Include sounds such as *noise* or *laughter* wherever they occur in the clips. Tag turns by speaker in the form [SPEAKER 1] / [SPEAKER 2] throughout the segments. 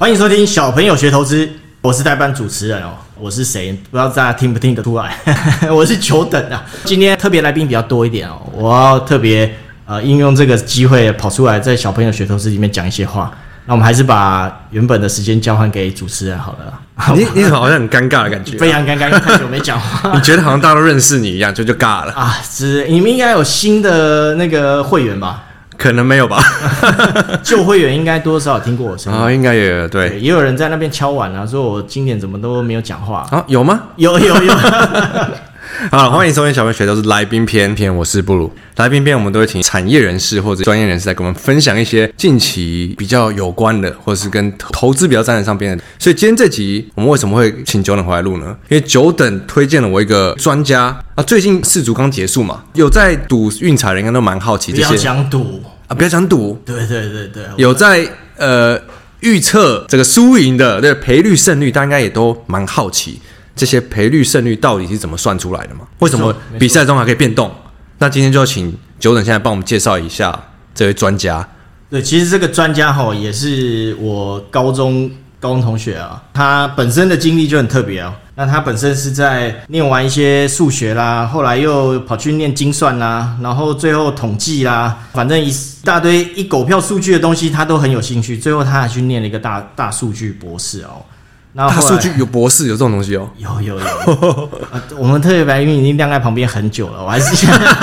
[SPEAKER 1] 歡迎收聽《小朋友學投資》，我是代班主持人哦。我是誰？不知道大家聽不聽得出來。 *laughs* 我是久等了啊，今天特別來賓比較多一點哦。我要特別呃，應用這個機會跑出來，在《小朋友學投資》裡面講一些話。那我們還是把原本的時間交換給主持人好了。好。你你怎麼好像很尷尬的感覺啊？非常尷尬，因為太久沒講話。
[SPEAKER 2] *laughs* 你覺得好像大家都認識你一樣，就就尬了啊？
[SPEAKER 1] 是你們應該有新的那個會員吧？可能沒有吧，舊 *laughs* 會員應該多多少少聽過我聲
[SPEAKER 2] 音啊、哦，應該也對，對，
[SPEAKER 1] 也有人在那邊敲碗啊說，我今天怎麼都沒有講話
[SPEAKER 2] 啊？有嗎？有有有。有有 *laughs* 好，歡迎收看小朋友學都是來賓篇》，我是布魯。來賓篇，我們都會請產業人士或者專業人士來跟我們分享一些近期比較有關的，或者是跟投資比較沾點上邊的。所以今天這集，我們為什麼會請九等回來錄呢？因為九等推薦了我一個專家。那、啊、最近世足剛結束嘛，有在賭運彩的人應該都蠻好奇，比較想賭啊，不要講賭。對
[SPEAKER 1] 對對對，
[SPEAKER 2] 有在呃預測這個輸贏的，對賠率勝率，大家應該也都蠻好奇。這些賠率、勝率到底是怎麼算出來的嗎？錯為什麼比賽中還可以變動？錯那今天就要請 Jordan 先來幫我們介紹一下這位專家。
[SPEAKER 1] 對，其實這個專家哈、哦、也是我高中高中同學啊、哦，他本身的經歷就很特別啊、哦。那他本身是在念完一些數學啦，後來又跑去念精算啦，然後最後統計啦，反正一大堆一狗票數據的東西他都很有興趣。最後他還去念了一個大大數據博士哦。大數據
[SPEAKER 2] 有博士有這種東西哦、喔，有有有
[SPEAKER 1] *laughs* 啊，我們特別白雲已經晾在旁邊很久了，我還是想讓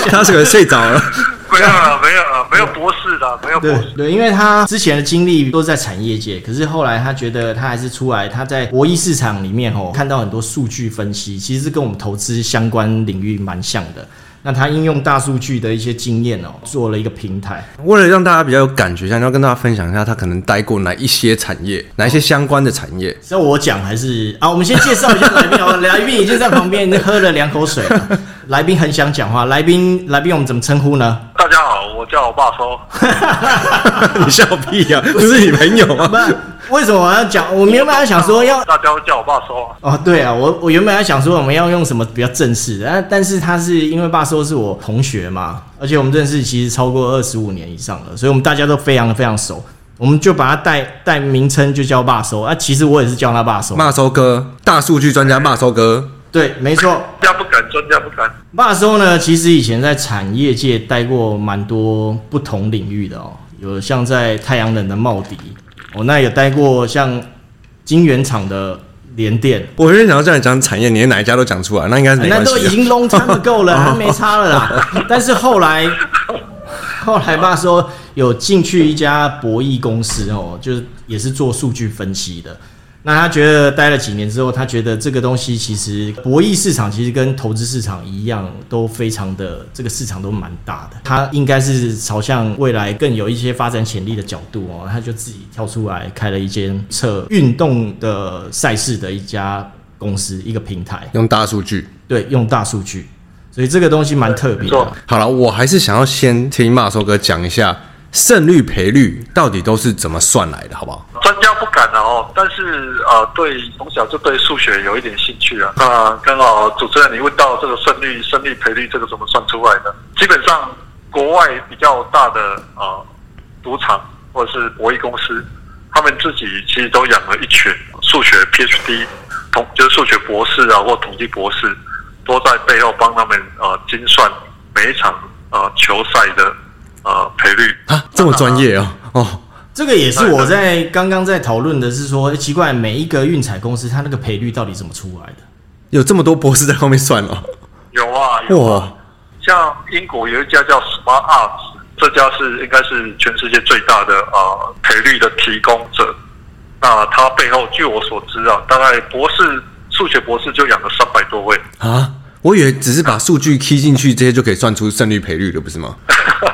[SPEAKER 1] *laughs* *laughs* *laughs* 他睡着了不要，不要
[SPEAKER 3] 了，沒有了，沒有博士
[SPEAKER 1] 的，沒有博士對。對，因為他之前的經歷都在產業界，可是後來他覺得他還是出來，他在博弈市場裡面哦，看到很多數據分析，其實是跟我們投資相關領域蠻像的。那他應用大數據的一些經驗哦，做了一個平台。
[SPEAKER 2] 為了讓大家比較有感覺下，想要跟大家分享一下，他可能待過哪一些產業，哪一些相關的產業？哦、是要我講還是
[SPEAKER 1] 啊？我們先介紹一下來賓哦。 *laughs* 來賓已經在旁邊喝了兩口水了， *laughs* 來賓很想講話。來賓，來賓，我們怎麼稱呼呢？
[SPEAKER 3] 大家好，我叫我爸
[SPEAKER 1] 說， *laughs* *laughs* 你笑屁呀，啊，不是，不是你朋友嗎？ *laughs* 為什麼我要講？我原本還想說要大家會叫我肉鬆哦、啊啊，對啊，我我原本還想說我們要用什麼比較正式的，但、啊、但是他是因為肉鬆是我同學嘛，而且我們認識其實超過二十五年以上了，所以我們大家都非常的非常熟，我們就把他帶帶名稱就叫肉鬆啊。其實我也是叫他肉鬆，肉鬆哥，大數據專家肉鬆哥，對，沒錯，家不敢，專家不敢。肉鬆呢，其實以前在產業界待過蠻多不同領域的哦，有像在太陽能的茂迪。我、oh, 那也待過像晶圓廠的聯電，我跟你想要這樣講
[SPEAKER 2] 產業，你連哪一家都講出來，那應該是，關那都已經
[SPEAKER 1] long time ago 了，oh, oh. 沒差了啦。Oh. Oh. Oh. Oh. 但是後來，後來爸說有進去一家博弈公司哦，就是也是做數據分析的。那他覺得待了幾年之後，他覺得這個東西其實博弈市場其實跟投資市場一樣，都非常的這個市場都蠻大的。他應該是朝向未來更有一些發展潛力的角度哦，他就自己跳出來開了一間測運動的賽事的一家公司，一
[SPEAKER 2] 個平台，用大數據，
[SPEAKER 1] 對，用大數據，所以這個東西蠻特別
[SPEAKER 2] 的。好了，我還是想要先聽馬叔哥講一下勝率賠率到底都是怎麼算來的，好不好？
[SPEAKER 3] 專家不敢了、啊、哦，但是呃，對從小就對數學有一點興趣啊。那、呃、剛好主持人你問到這個勝率、勝率賠率這個怎麼算出來的？基本上國外比較大的啊、呃、賭場或者是博弈公司，他們自己其實都養了一群數學 PhD，同就是數學博士啊或統計博士，都在背後幫他們呃精算每一場呃球賽的呃賠率啊這麼專業啊，啊哦。
[SPEAKER 2] 這個也是我
[SPEAKER 1] 在剛剛在討論的，是說奇怪，每一個運彩公司它那個賠率到底怎麼出來的？
[SPEAKER 2] 有這麼多博士在後面算哦、啊？
[SPEAKER 3] 有啊，有啊。像英國有一家叫 Smart Arts，這家是應該是全世界最大的啊呃、賠率的提供者。那它背後，據我所知啊，大概博士數學博士就養了三百多位
[SPEAKER 2] 啊。我以為只是把數據 key 進去，這些就可以算出勝率賠率了，不是嗎？ *laughs*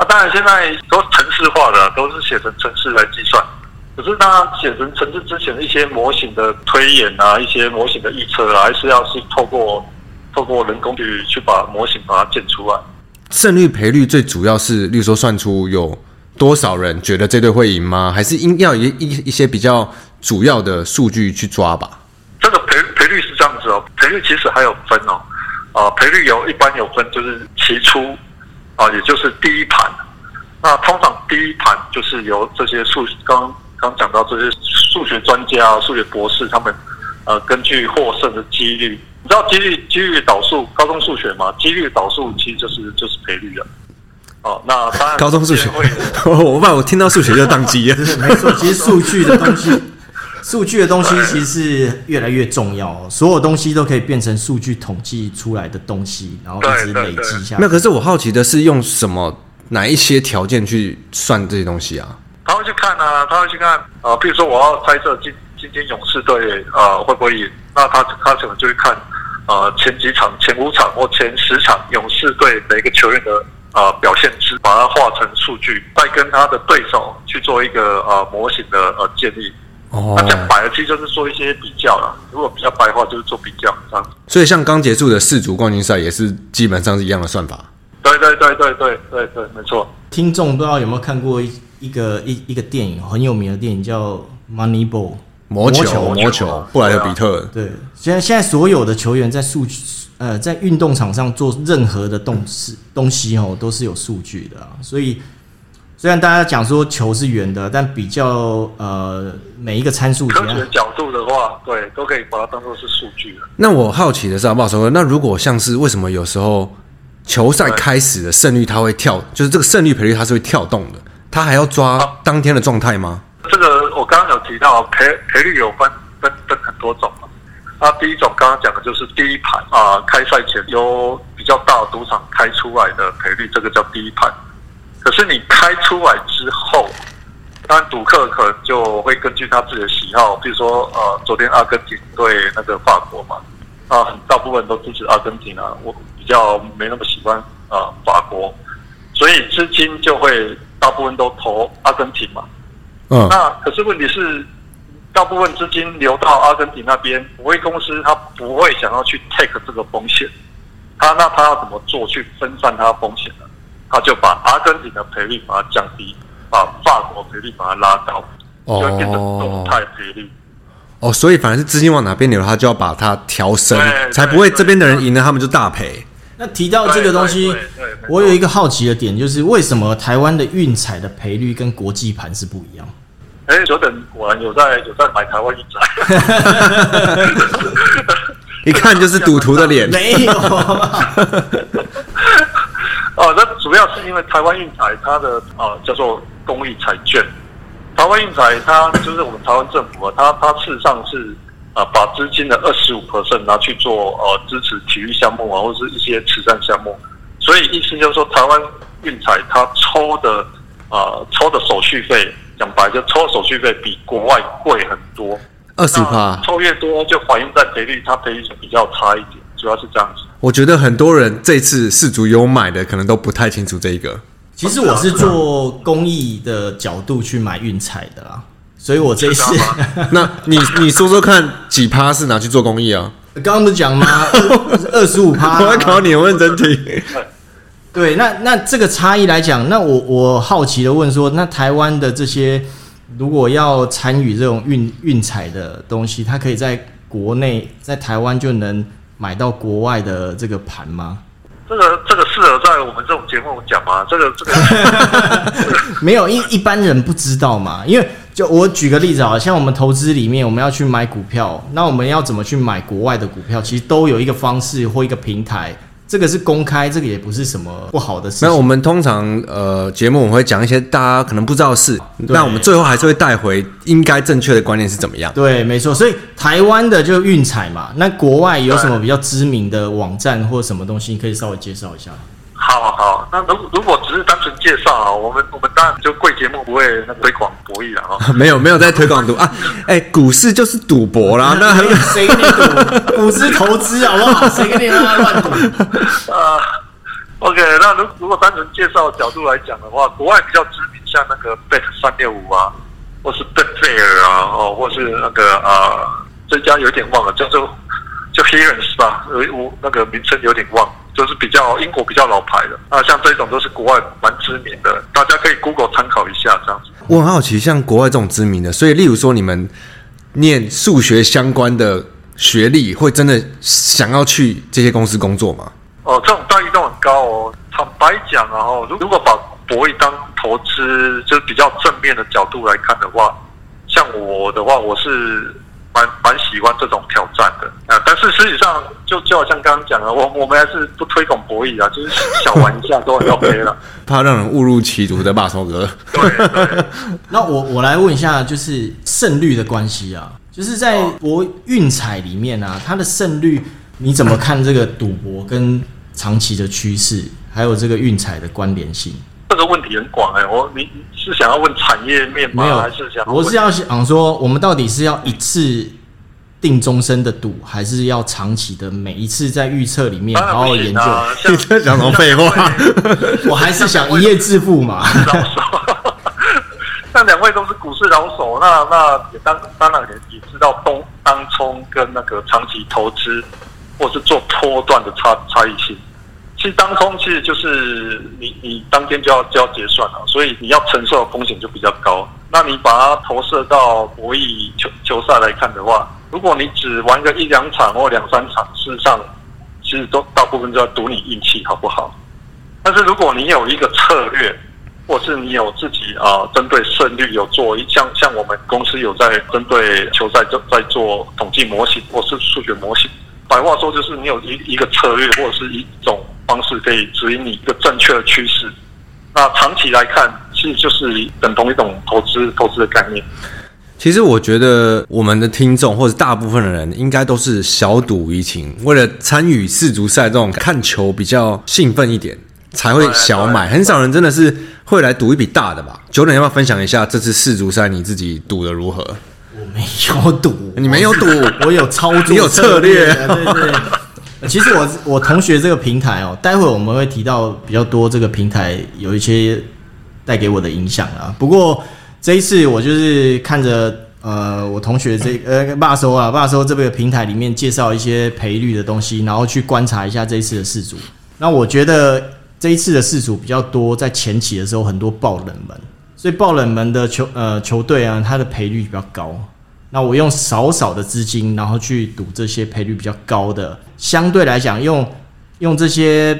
[SPEAKER 3] 啊，當然，現在都程式化的，都是寫成程式來計算，可是它寫成程式之前的一些模型的推演啊，一些模型的預測啊，還是要是透過透過人工去去把模型把它建出來。
[SPEAKER 2] 勝率賠率最主要是，例如說算出有多少人覺得這隊會贏嗎？還是應要以一一一些比較主要的數據去抓吧？
[SPEAKER 3] 這個賠賠率是這樣子哦，賠率其實還有分哦，啊、呃，賠率有一般有分，就是期初。啊，也就是第一盤，那通常第一盤就是由這些數，剛剛講到這些數學專家、數學博士他們，呃，根據獲勝的幾率，你知道幾率幾率倒數，高中數學嗎？幾率倒數其實就是就是賠率了，啊。哦，那高中數學，
[SPEAKER 2] 會 *laughs* 我怕我聽到數學就當機了，沒
[SPEAKER 1] 數據的東西。數據的東西其實是越來越重要，哦，所有東西都可以變成數據統計出來的東西，然後一直累積下來。那可是
[SPEAKER 2] 我好奇的是，用什麼哪一些條件去算這些東西啊？他
[SPEAKER 3] 會去看呢，他會去看啊，比，呃、如說我要猜測今天勇士隊啊，呃、會不會贏，那他他可能就會看啊，呃、前幾場，前五場或前十場勇士隊每一個球員的啊，呃、表現，是把它化成數據，再跟他的對手去做一個啊，呃、模型的呃建立。那、oh. 啊、這擺的其實就是做一些比較啦。如果比較白的話就是做比較，這
[SPEAKER 2] 樣。所以像剛結束的世足冠軍賽也是基本上是一樣的算法。對，
[SPEAKER 3] 對對對對對對對，沒
[SPEAKER 1] 錯。聽眾不知道有沒有看過一個一個一一個電影，很有名的電影叫《Money Ball》。魔球
[SPEAKER 2] 魔球布萊德彼特。
[SPEAKER 3] 對，
[SPEAKER 1] 現在現在所有的球員在數據呃在運動場上做任何的動勢、嗯、東西哦都是有數據的啊，所以。雖然大家講說球是圓的，但
[SPEAKER 2] 比較呃每一個參數，科學的
[SPEAKER 3] 角度的話，對，都可以把它當做是數據
[SPEAKER 2] 了。那我好奇的是，肉鬆哥，那如果像是為什麼有時候球賽開始的勝率它會跳，對就是這個勝率賠率它是會跳動的，它還要抓當天的狀態嗎、啊？
[SPEAKER 3] 這個我剛剛有提到賠賠率有分分分很多種嘛、啊，啊，第一種剛剛講的就是第一盤啊，開賽前有比較大的賭場開出來的賠率，這個叫第一盤。可是你開出來之後，當然賭客可能就會根據他自己的喜好，比如說呃，昨天阿根廷對那個法國嘛，啊、呃，大部分都支持阿根廷啊，我比較沒那麼喜歡啊、呃、法國，所以資金就會大部分都投阿根廷嘛。嗯。那可是問題是，大部分資金流到阿根廷那邊，我為公司他不會想要去 take 這個風險，他那他要怎麼做去分散他的風險呢？他就把阿根廷的賠
[SPEAKER 2] 率把它降低，把法國賠率把它拉高，哦、就變成動態
[SPEAKER 3] 賠率。
[SPEAKER 2] 哦，所以反而是資金往哪邊流，他就要把它調升，才不會這邊的人贏了，他們就大賠。那
[SPEAKER 1] 提到這個東西，我有一個好奇的點，就是為什麼台灣的運彩的賠率跟國際盤是不一樣？哎、欸，果
[SPEAKER 3] 然，我有在有在買台灣運彩， *laughs* *laughs* *laughs* 一看就是賭徒的臉，沒有、啊。 *laughs* 主要是因為台灣運彩它的呃叫做公益彩券，台灣運彩它就是我們台灣政府啊，它它事實上是呃把資金的二十五 percent 拿去做呃支持體育項目啊或是一些慈善項目，所以意思就是說台灣運彩它抽的呃抽的手續費，講白就抽手續費比國外貴很多，二十五抽越多就反映在賠率，它賠率比較差一點，主要是這樣子。
[SPEAKER 2] 我覺得很多人這次世足有買的可能都不太清楚這一個。
[SPEAKER 1] 其實我是做公益的角度去買運彩
[SPEAKER 2] 的啦，所以我這一次。 *laughs* 那你你說說看幾，幾趴是拿去做公益啊？剛
[SPEAKER 1] 剛不是講嗎？
[SPEAKER 2] 二十五趴。我要考你一個問真題。
[SPEAKER 1] *laughs* 對，那那這個差異來講，那我我好奇的問說，那台灣的這些如果要參與這種運運彩的東西，它可以在國內，在台灣就能。買到國外的這個盤嗎？這個這個
[SPEAKER 3] 這個適合在我們這種節目講嗎？這個這
[SPEAKER 1] 個 *laughs* 沒有一一般人不知道嘛，因為就我舉個例子啊，像我們投資裡面，我們要去買股票，那我們要怎麼去買國外的股票？其實都有一個方式或一個平台。這個是公開，這個也不是什麼不好的
[SPEAKER 2] 事情。那我們通常，呃，節目我們會講一些大家可能不知道的事，那對我們最後還是會帶回應該正確的觀念是怎麼樣。對，沒錯。所以台灣的就運彩嘛，
[SPEAKER 1] 那國外有什麼比較知名的網站或什麼東西，對你可以稍微介紹一下？
[SPEAKER 3] 好好，那如如果只是單純介紹啊，我們我們當然就貴節目不會推廣博弈的
[SPEAKER 2] 哦。沒有沒有在推廣賭啊，哎、欸，股市就是賭博啦，那還有誰跟你賭？股市投資好不好？ *laughs* 誰跟你
[SPEAKER 3] 亂賭？啊，OK，那如如果單純介紹的角度來講的話，國外比較知名像那個 Bet 三六五啊，或是 Betfair 啊，哦，或是那個啊，這家有點忘了，叫做就 Harris 吧，有我那個名稱有點忘。都是比較英國比較老牌的啊，像這種都是國外蠻知名的，大家可以 Google 參考一下這樣
[SPEAKER 2] 子。我很好奇，像國外這種知名的，所以例如說你們念數學相關的學歷，會真的想要去這些公司工作嗎？哦，這種待遇都
[SPEAKER 3] 很高哦。坦白講，哦，如如果把博弈當投資，就是比較正面的角度來看的話，像我的話，我是。蠻蠻喜歡這種挑戰的啊，但是實際上就就好像剛剛講的，我我們還是不推廣博弈啊，就是小玩一下都 OK
[SPEAKER 2] 了， *laughs* 怕讓人誤入歧途的肉鬆哥。對對
[SPEAKER 1] *laughs* 那我我來問一下，就是勝率的關係啊，就是在博運彩裡面啊，它的勝率你怎麼看？這個賭博跟長期的趨勢，還有這個運彩的關聯性？
[SPEAKER 3] 這個問題很廣哎、欸，我你是想要問產業面嗎？沒有，還是想，我是要
[SPEAKER 1] 想說，我們到底是要一次定終身的賭，還是要長期的每一次在預測裡面好好研究？啊、 *laughs* 在講什麼廢話？
[SPEAKER 3] 對我還是
[SPEAKER 1] 想一夜致富嘛。老手，
[SPEAKER 3] 那兩位都是股市老手，那那也當當然也也知道東，東當沖跟那個長期投資或是做拖斷的差差異性。其實當中其實就是你你當天就要就要結算了，所以你要承受的風險就比較高。那你把它投射到博弈球球賽來看的話，如果你只玩個一兩場或兩三場，事實上其實都大部分都要賭你運氣好不好？但是如果你有一個策略，或是你有自己啊針對勝率有做一像像我們公司有在針對球賽就在做統計模型或是數學模型，白話說就是你有一一個策略或者是一種。方式可以指引你一個正確的趨勢，那長期來看，其實就是等同一種投資投資的概念。
[SPEAKER 2] 其實我覺得我們的聽眾或者大部分的人，應該都是小賭怡情，為了參與世足賽這種看球比較興奮一點，才會小買。啊啊啊啊、很少人真的是會來賭一筆大的吧？Jordan< 對>要不要分享一下這次世足賽你自己賭的如何？我沒有賭、哦，你沒有賭， *laughs* 我有操作， *laughs* 你有策
[SPEAKER 1] 略、啊。對對 *laughs* 其實我我同學這個平台哦，待會我們會提到比較多這個平台有一些帶給我的影響啊。不過這一次我就是看着呃我同學這呃肉鬆啊肉鬆，這個平台裡面介紹一些賠率的東西，然後去觀察一下這一次的世足。那我覺得這一次的世足比較多，在前期的時候很多爆冷門，所以爆冷門的球呃球隊啊，它的賠率比較高。那我用少少的資金，然後去賭這些賠率比較高的。相對來講，用用這些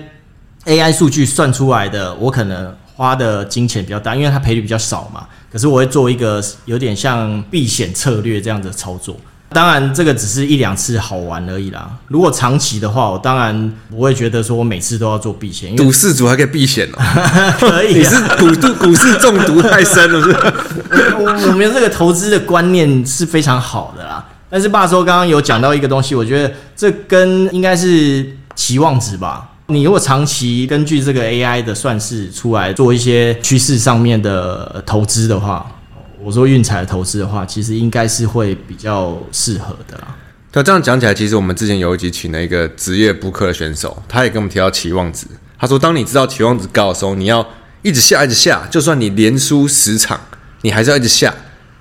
[SPEAKER 1] AI 數據算出來的，我可能花的金錢比較大，因為它賠率比較少嘛。可是我會做一個有點像避險策略這樣的操作。當然，這個只是一兩次好玩而已啦。如果長期的話，我當然不會覺得說我每次都要做避險。因為賭世
[SPEAKER 2] 足還可以避險了，可以，你是股度股市中毒太深了，是不是？
[SPEAKER 1] 我們這個投資的觀念是非常好的啦。但是爸說，剛剛有講到一個東西，我覺得這跟應該是期望值吧。你如果長期根據這個 AI 的算式出來做一些趨勢上面的投資的話。我說運彩的投資的話，其實應該是會比較適合的啦、啊。
[SPEAKER 2] 那這樣講起來，其實我們之前有一集請了一個職業撲克的選手，他也跟我們提到期望值。他說，當你知道期望值高的時候，你要一直下，一直下，就算你連輸十場，你還是要一直下。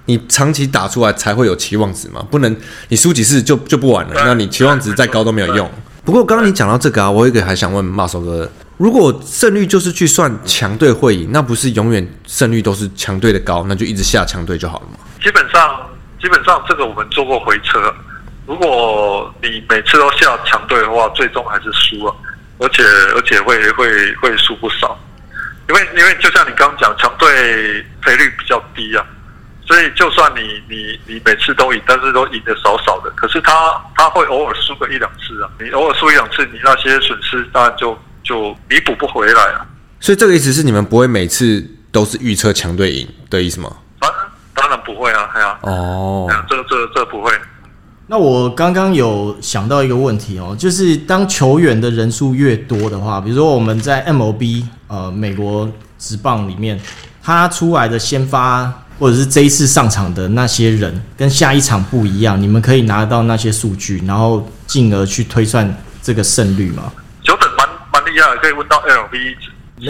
[SPEAKER 2] 你長期打出來才會有期望值嘛，不能你輸幾次就就不玩了。那你期望值再高都沒有用。不過剛剛你講到這個啊，我有一個還想問馬手哥。如果勝率就是去算強隊會贏，那不是永遠勝率都是強隊的高，那就一直下強隊就
[SPEAKER 3] 好了嘛？基本上，基本上這個我們做過回測，如果你每次都下強隊的話，最終還是輸啊，而且而且會會會輸不少。因為因為就像你剛剛講，強隊賠率比較低啊，所以就算你你你每次都贏，但是都贏得少少的。可是他他會偶爾輸個一兩次啊，你偶爾輸一兩次，你那些損失當然就。就彌補不回
[SPEAKER 2] 來了，啊，所以這個意思是你們不會每次都是預測強隊贏的意思嗎？啊，當然不會啊，哎呀、啊，哦、oh 啊，這這這不會。那我剛剛有想
[SPEAKER 1] 到一個問題哦、喔，就是當球員的人數越多的話，比如說我們在 MLB 呃，美國職棒裡面，他出來的先發或者是這一次上場的那些人跟下一場不一樣，你們可以拿到那些數據，然後進而去推算這個勝率嗎？
[SPEAKER 3] 可以問到 L V，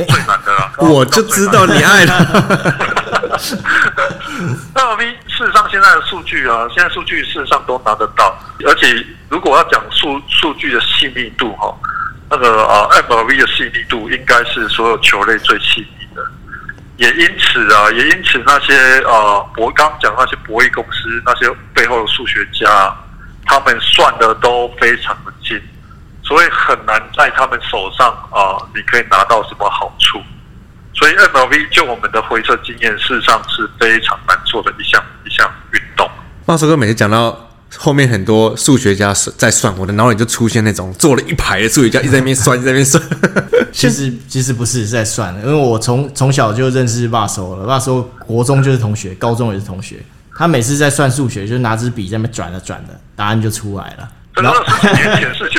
[SPEAKER 3] 最難的了。我就知道你愛他。 *laughs* *laughs* L V，事實上現在的數據啊，現在數據事實上都拿得到。而且如果要講數數據的細膩度哈、啊，那個、啊、m L V 的細膩度應該是所有球類最細膩的。也因此啊，也因此那些呃、啊、我剛講那些博弈公司，那些背後的數學家，他們算的都非常的精。所以很難在他們手上啊、呃，你可以拿到什麼好處？所以 M V 就我們的灰色經驗，事實上是非常難做的一項一項運
[SPEAKER 2] 動。巴收哥每次講到後面，很多數學家在算，我的腦裡就出現那種做了一排的數學家，一直在那邊算，一直在那邊算。
[SPEAKER 1] *laughs* 其實其實不是在算，因為我從從小就認識巴收了，巴收國中就是同學，高中也是同學。他每次在算數學，就拿支筆在那邊轉了轉的答案就出來了。對然後，然後然後 *laughs*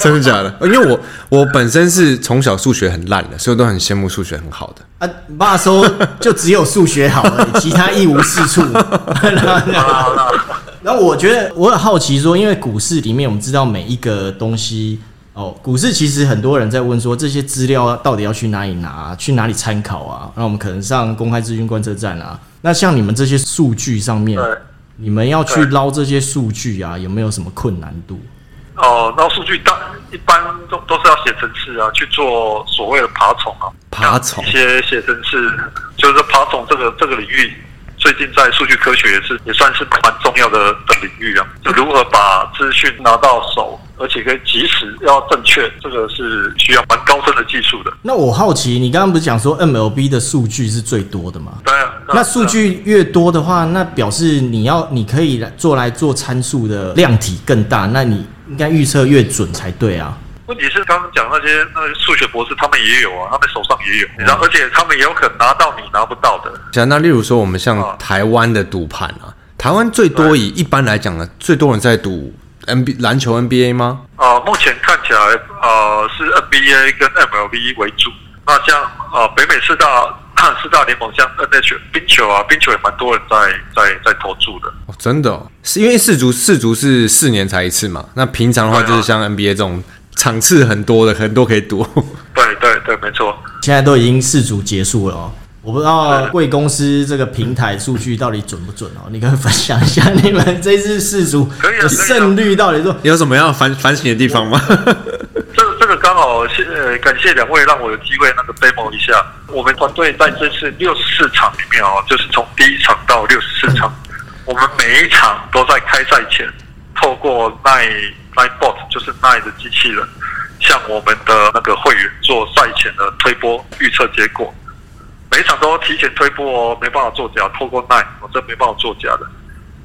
[SPEAKER 2] 真的假的？因為我我本身是從小數學很爛的，所以我都很羨慕數學很好的啊。
[SPEAKER 1] 你爸說就只有數學好了，其他一無是處。 *laughs* *laughs* *laughs* 那我覺得我很好奇說，因為股市裡面我們知道每一個東西哦，股市其實很多人在問說，這些資料到底要去哪裡拿，去哪裡參考啊？那我們可能上公開資訊觀測站啊。那像你們這些數據上面，對你們要去撈這些數據啊，對有沒有什麼困難度？
[SPEAKER 3] 哦，那數據大，一般都都是要寫程式啊，去做所謂的爬蟲啊，爬蟲、啊、一些寫程式，就是爬蟲這個這個領域，最近在數據科學也是也算是蠻重要的的領域啊。就如何把資訊拿到手，而且可以即時要正確，這個是需要蠻高深的技術的。
[SPEAKER 1] 那我好奇，你剛剛不是講說 MLB 的數據是最多的嗎？
[SPEAKER 3] 對、啊。那數
[SPEAKER 1] 據越多的話，那表示你要你可以來做來做參數的量體更大，那你。
[SPEAKER 2] 應該預測越準才對啊！問
[SPEAKER 3] 題是剛剛講那些，那些數學博士他們也有啊，他們手上也有，然後、嗯、而且他們也有可能拿到你拿不到的。
[SPEAKER 2] 像、嗯、那例如說我們像台灣的賭盤啊，台灣最多對以一般來講呢，最多人在賭 N B 籃球 N B A 嗎？啊、呃，目前看起來、呃、是 N B A 跟 M L B 為
[SPEAKER 3] 主。那像、呃、北美四大。四大聯盟像 N H 冰球啊，冰球也蠻多人在在在投注的
[SPEAKER 2] 哦。真的，哦，是因為世足世足是四年才一次嘛？那平常的話就是像 N B A 這種場次很多的。啊、很多可以賭。對
[SPEAKER 3] 對對，沒錯。
[SPEAKER 2] 現在都已經世足結束了，
[SPEAKER 1] 哦，我不知道貴公司這個平台數據到底準不準哦。你可以分享一下你們這次世足的勝率到底多、啊那個？有什麼
[SPEAKER 2] 要反反省的地方嗎？我 *laughs*
[SPEAKER 3] 剛好謝感謝兩位，讓我有機會那個 demo 一下。我們團隊在這次六十四場裡面哦，就是從第一場到六十四場，我們每一場都在開賽前透過 LINE bot 就是 LINE 的機器人，向我們的那個會員做賽前的推播預測結果。每一場都提前推播哦，沒辦法作假。透過 LINE 我這沒辦法作假的。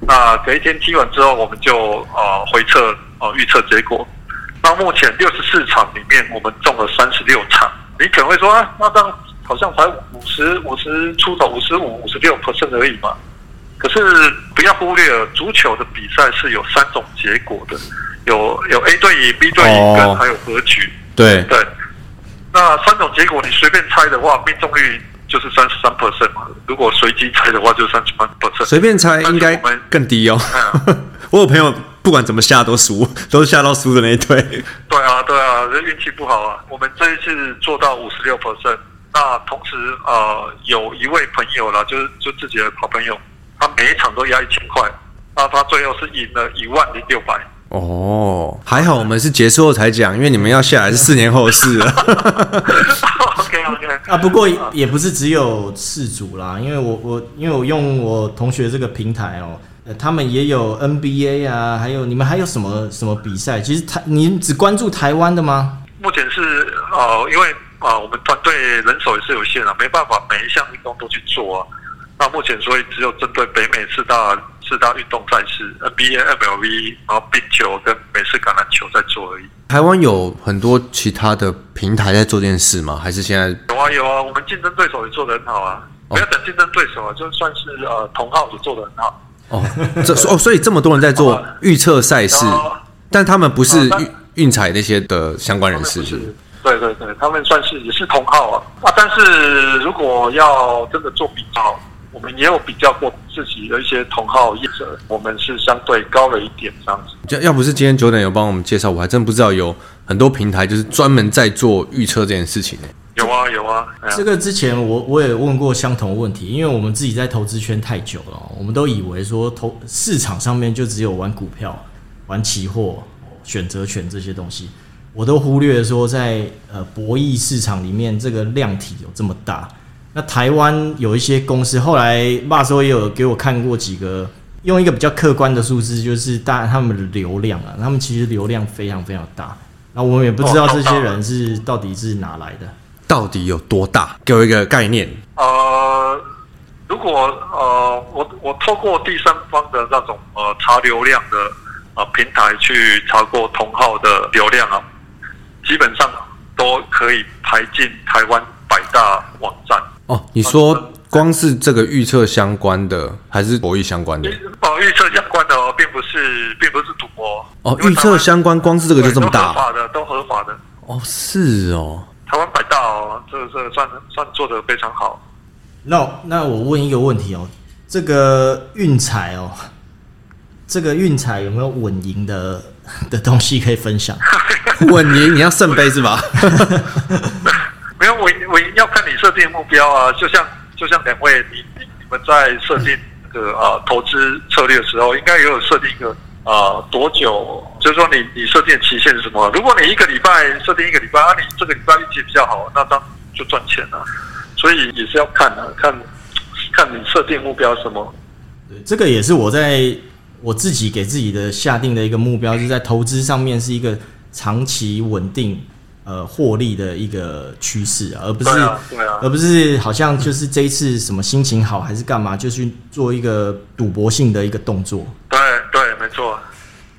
[SPEAKER 3] 那隔、個、一天踢完之後，我們就啊回測啊預測結果。到目前六十四場裡面，我們中了三十六場。你可能會說啊，那這樣好像才五十五十出頭，五十五、五十六 percent 而已嘛。可是不要忽略了，足球的比賽是有三種結果的，有有 A 隊贏、B 隊贏，跟、哦、還有和局。對對。那三種結果你隨便猜的話，命中率就是三十三 percent 嘛。如果隨機猜的話就是，就三十三 percent。
[SPEAKER 2] 隨便猜應該更低哦。 *laughs* 我有朋友。不管怎麼下都輸，都是下到輸的那一堆。
[SPEAKER 3] 對啊，對啊，這運氣不好啊。我們這一次做到五十六分勝，那同時呃，有一位朋友啦，就是就自己的好朋友，他每一場都押一千塊，那他最後是贏了一萬零六百。
[SPEAKER 2] 哦，還好我們是結束後才講，因為你們要下來是四年後的事。嗯、 *laughs* *laughs* OK
[SPEAKER 1] OK。啊，不過也不是只有四組啦，因為我我因為我用我同學這個平台哦。呃，他們也有 NBA 啊，還有你們還有什麼什麼比賽？其實他，您只關注台灣的嗎？
[SPEAKER 3] 目前是呃，因為啊、呃，我們團隊人手也是有限啊，沒辦法，每一項運動都去做啊。那目前所以只有針對北美四大四大運動賽事，NBA、MLB，然後冰球跟美式橄欖
[SPEAKER 2] 球在做而已。台灣有很多其他的平台在做這件事嗎？還是現在？
[SPEAKER 3] 有啊有啊，我們競爭對手也做得很好啊。不要講競爭對手啊，就算是呃同好也做得很好。
[SPEAKER 2] *laughs* 哦，這哦，所以這麼多人在做預測賽事，哦、但他們不是運運彩那些的相關人士，不是？對對
[SPEAKER 3] 對，他們算是也是同號啊，啊，但是如果要真的做比較，我們也有比較過自己的一些同號業者，我們是相對高了一點，這
[SPEAKER 2] 樣子。要要不是今天九點有幫我們介紹，我還真不知道有很多平台就是專門在做預測這件事情。
[SPEAKER 1] 有啊，有啊，有啊。啊這個之前我我也問過相同的問題，因為我們自己在投資圈太久了，我們都以為說投市場上面就只有玩股票、玩期貨、選擇權這些東西，我都忽略了說在呃博弈市場裡面這個量體有這麼大。那台灣有一些公司後來那時候也有給我看過幾個，用一個比較客觀的數字，就是當然他們的流量啊，他們其實流量非常非常大。那我們也不知道這些人是到底是哪來的。
[SPEAKER 2] 到底有多大？給我一個概念。
[SPEAKER 3] 呃，如果呃，我我透過第三方的那種呃查流量的、呃、平台去查過同號的流量啊，基本上都可以排進台灣百大網站。
[SPEAKER 2] 哦，你說光是這個預測相關的，還是博弈相關的？
[SPEAKER 3] 預測相關的、哦、並不是，並不是賭博哦。預
[SPEAKER 2] 測相關，光是這個就這麼大哦。合法
[SPEAKER 3] 的，都合法的。
[SPEAKER 2] 合法的。哦，是哦。
[SPEAKER 3] 台灣百大哦，這個、這個、算算做得非常好。
[SPEAKER 1] 那、no, 那我問一個問題哦，這個運彩哦，這個運彩有沒有穩贏的的東西可以分享？穩贏 *laughs* 你要聖杯是吧
[SPEAKER 3] *laughs* 沒有，我我要看你設定目標啊，就像就像兩位你你們在設定那個啊投資策略的時候，應該也有設定一個。啊，多久？就是說你，你你設定的期限是什麼？如果你一個禮拜設定一個禮拜啊，你這個禮拜運氣比較好，那當就賺錢了。所以也是要看的、啊，看看你設定目標是什麼。
[SPEAKER 1] 對，這個也是我在我自己給自己的下定的一個目標，是、嗯、在投資上面是一個長期穩定呃獲利的一個趨勢，而不是對、啊對啊、而不是好像就是這一次什麼心情好、嗯、還是幹嘛，就去做一個賭博性的一個動作。對。
[SPEAKER 2] 做，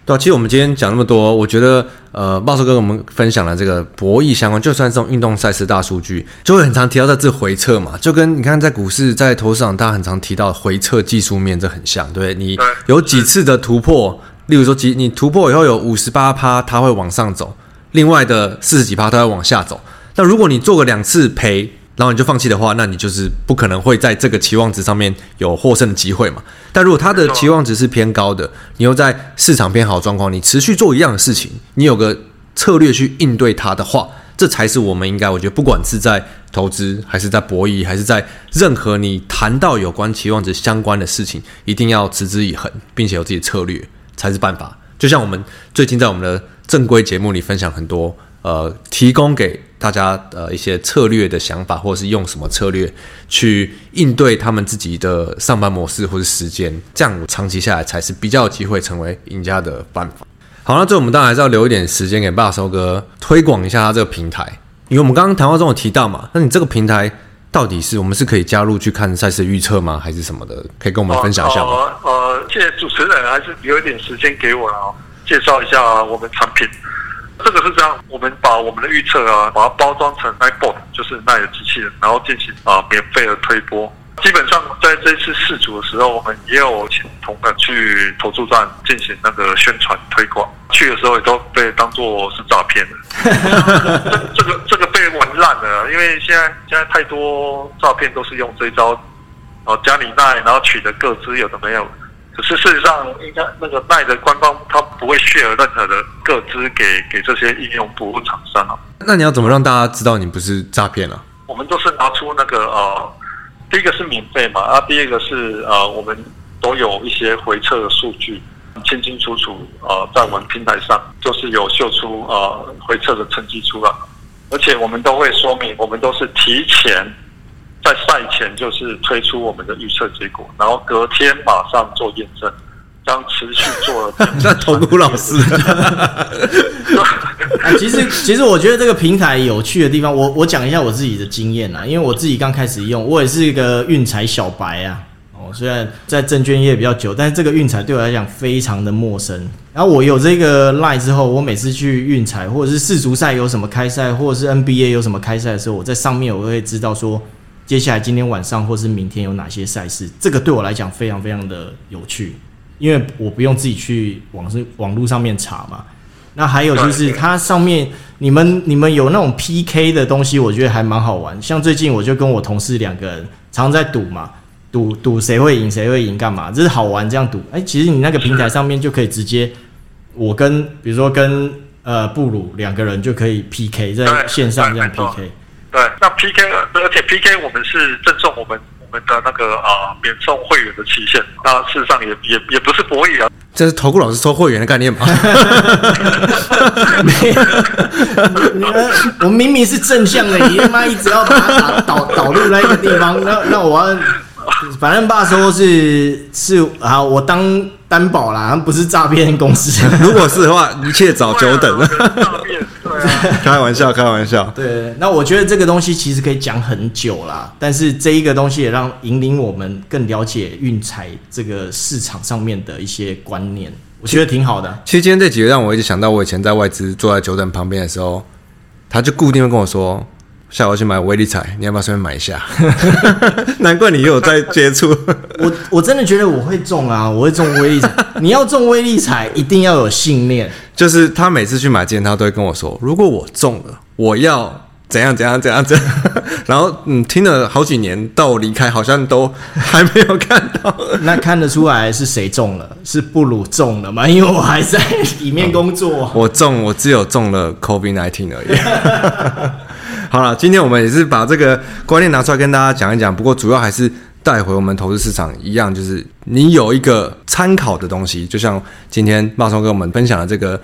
[SPEAKER 2] 對啊，其實我們今天講那麼多，我覺得，呃，肉鬆哥，跟我們分享了這個博弈相關，就算是這種運動賽事大數據，就會很常提到這次回撤嘛，就跟你看在股市在投資上，大家很常提到回撤技術面，這很像，對不對？你有幾次的突破，例如說，幾你突破以後有五十八趴，它會往上走，另外的四十幾趴，它會往下走，那如果你做個兩次賠。然後你就放棄的話，那你就是不可能會在這個期望值上面有獲勝的機會嘛。但如果它的期望值是偏高的，你又在市場偏好狀況，你持續做一樣的事情，你有個策略去應對它的話，這才是我們應該。我覺得，不管是在投資，還是在博弈，還是在任何你談到有關期望值相關的事情，一定要持之以恆，並且有自己的策略才是辦法。就像我們最近在我們的正規節目裡分享很多，呃，提供給。大家呃，一些策略的想法，或者是用什麼策略去應對他們自己的上班模式或者時間，這樣我長期下來才是比較有機會成為贏家的辦法。好了，這我們當然還是要留一點時間給巴收哥推廣一下他這個平台，因為我們剛剛談話中有提到嘛，那你這個平台到底是我們是可以加入去看賽事預測嗎，還是什麼的？可以跟我們分享一下嗎？呃，呃，謝
[SPEAKER 3] 謝主持人，還是留一點時間給我啊，介紹一下我們產品。這個是這樣，我們把我們的預測啊，把它包裝成 LINE Bot，就是 LINE 的機器人，然後進行啊免費的推播。基本上在這一次世足的時候，我們也有請同的去投注站進行那個宣傳推廣。去的時候也都被當做是詐騙了。 *laughs* 這，這個這個被玩爛了，因為現在現在太多詐騙都是用這一招哦、啊、加你 LINE，然後取得個資有的沒有。可是事實上，應該那個 LINE 的官方他不會 share 任何的個資給給這些應用服務廠商
[SPEAKER 2] 啊。那你要怎麼讓大家知道你不是詐騙啊？
[SPEAKER 3] 我們都是拿出那個呃，第一個是免費嘛啊，第二個是呃，我們都有一些回測的數據，清清楚楚呃，在我們平台上都、就是有秀出呃，回測的成績出來，而且我們都會說明，我們都是提前。在賽前就是推出我
[SPEAKER 2] 們的預測結果，然後隔天馬上做驗證，
[SPEAKER 1] 當持續做了。那重讀老師，其實其實我覺得這個平台有趣的地方，我我講一下我自己的經驗啊。因為我自己剛開始用，我也是一個運彩小白啊。我、哦、雖然在證券業比較久，但是這個運彩對我來講非常的陌生。然後我有這個 line 之後，我每次去運彩，或者是世足賽有什麼開賽，或者是 N B A 有什麼開賽的時候，我在上面我都會知道說。接下來今天晚上或是明天有哪些賽事？這個對我來講非常非常的有趣，因為我不用自己去網上網絡上面查嘛。那還有就是它上面你們你們有那種 PK 的東西，我覺得還蠻好玩。像最近我就跟我同事兩個人常常在賭嘛，賭賭誰會贏誰會贏幹嘛？這是好玩這樣賭。哎、欸，其實你那個平台上面就可以直接我跟比如說跟呃布魯兩個人就可以 PK 在線上這樣 PK。嗯嗯
[SPEAKER 3] 對，那 PK，而且 PK 我們是贈送我們我們的那個啊、呃、
[SPEAKER 2] 免送會員的期限，那事實上也也也不是博弈啊。這是投顧老師收會員的概念嗎？沒
[SPEAKER 1] 有，你們，我明明是正向的，你媽一直要把它導導入那個地方，那那我反正爸說是是啊，我當擔保啦，不是詐騙公司。 *laughs*
[SPEAKER 2] *laughs* 如果是的話，一切早久等了。 *laughs* 開玩笑，開玩笑。對，對，對，
[SPEAKER 1] 那我覺得這個東西其實可以講很久啦，但是這一個東西也讓引領我們更了解運彩這個市場上面的一些觀念，我覺得挺好的。其實，
[SPEAKER 2] 其實今天這幾個讓我一直想到我以前在外資坐在酒店旁邊的時候，他就固定會跟我說。嗯下午去買威力彩，你要不要順便買一下？
[SPEAKER 1] *laughs* 難怪你有在接觸。 *laughs* 我我真的覺得我會
[SPEAKER 2] 中啊，我會中威力彩。 *laughs* 你要中威力彩，一定要有信念。就是他每次去買之前，他都會跟我說：“如果我中了，我要怎樣怎樣怎樣怎樣 *laughs* 然後嗯，聽了好幾年到我離開，好像都還沒有看到。 *laughs* 那看得
[SPEAKER 1] 出來是誰中了？是布魯中了嗎？因為我還在裡面工作。嗯、我
[SPEAKER 2] 中，我只有中了 COVID-19 而已。 *laughs* 好了，今天我們也是把這個觀念拿出來跟大家講一講。不過，主要還是帶回我們投資市場一樣，就是你有一個參考的東西。就像今天肉鬆哥我們分享的這個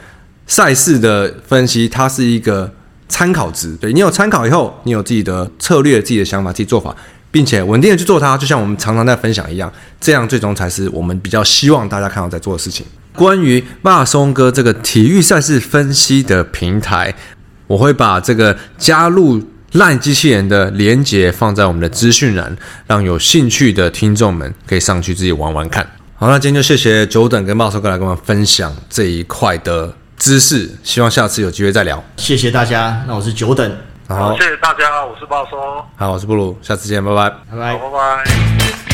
[SPEAKER 2] 賽事的分析，它是一個參考值。對你有參考以後，你有自己的策略、自己的想法、自己做法，並且穩定的去做它。就像我們常常在分享一樣，這樣最終才是我們比較希望大家看到在做的事情。關於肉鬆哥這個體育賽事分析的平台。我會把這個加入 LINE 機器人的連結放在我們的資訊欄，讓有興趣的聽眾們可以上去自己玩玩看。好，那今天就謝謝 Jordan 跟肉鬆哥來跟我們分享這一塊的知識，希望下次有機會再聊。謝謝大家，那我是 Jordan，好，好，謝謝
[SPEAKER 3] 大家，我是肉鬆，
[SPEAKER 2] 好，我是布魯，下次見，拜拜，拜
[SPEAKER 3] 拜，拜拜。拜拜。